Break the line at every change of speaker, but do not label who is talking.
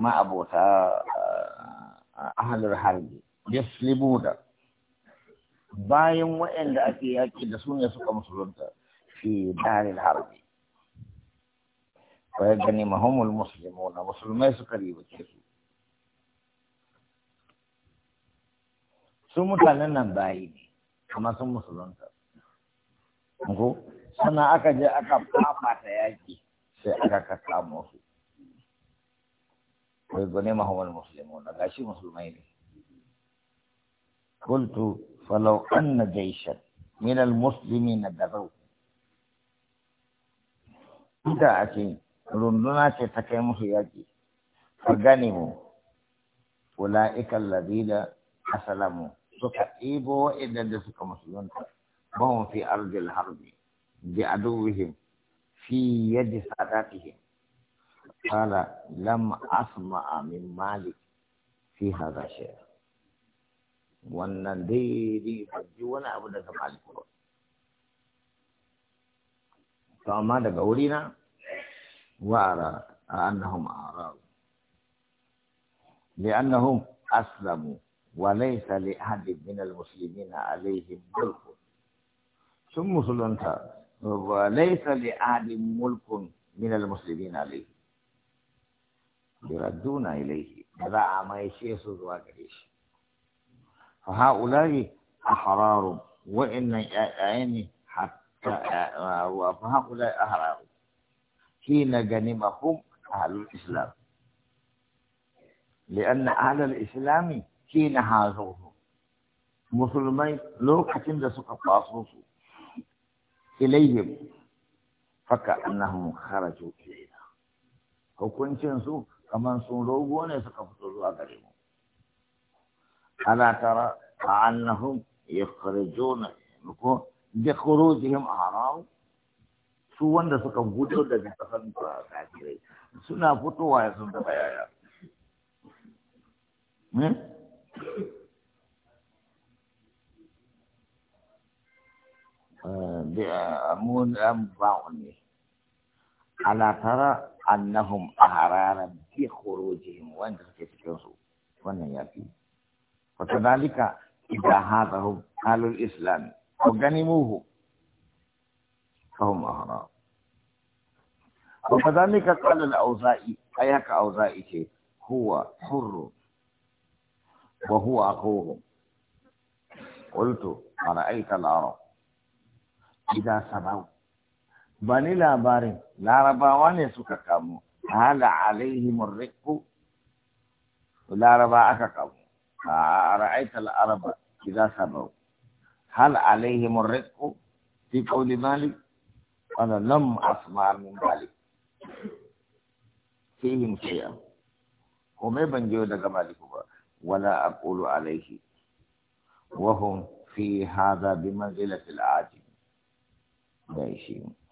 ma'abota halar harbi da bayan waɗanda ake yaƙi da su ne suka musulunta fi Dalil harbi wa gani musulmi na musulmai suka ke su su mutanen nan bayi ne kamar sun musulunta ko sana aka je aka fafata yaƙi sai aka kasa su ويغنمهم المسلمون غاشي مسلمين قلت فلو أن جيشا من المسلمين دروا إذا أتي رندنا تتكيمه يجي فغنموا أولئك الذين أسلموا سكئبوا إذا دسك مسلمون وهم في أرض الحرب بعدوهم في يد ساداتهم قال لم أسمع من مالك في هذا الشيء وأن دي دي فجونا أبدا مالك فما دقولنا وارى أنهم أعراض لأنهم أسلموا وليس لأحد من المسلمين عليهم ملك ثم سلمت وليس لأحد ملك من المسلمين عليهم يردون إليه هذا ما يشيس الواقعيش فهؤلاء أحرار وإن أعيني حتى فهؤلاء أحرار حين جنبهم أهل الإسلام لأن أهل الإسلام حين هاجوه مسلمين لو كتن دسوك فاصوصوا إليهم فكأنهم خرجوا إلينا hukuncinsu كمان سنروب ونسقفت الوغرم ألا ترى كأنهم يخرجون بخروجهم أعراض سوان نسقفت الذي تخلق تأثيري سنة فتوى يا سنة بيايا آه، بأمون أم باوني ألا ترى أنهم أحرارا wanda suke cikin su wannan ya fi fa kadalika hada hu halul islam wa ganimuhu fahum ahram wa kadalika qala al-auza'i ayaka auza'i ce huwa hurr wa huwa aqulu qultu aita al-arab idza sabau bani labarin larabawa ne suka kamo hala alaihim ar-riqqu لا رضاعك قبل رأيت العرب إذا سبوا هل عليهم الرزق في قول مالك أنا لم أسمع من مالك فيهم شيئا هم من جود مالك ولا أقول عليه وهم في هذا بمنزلة العاجم ماشي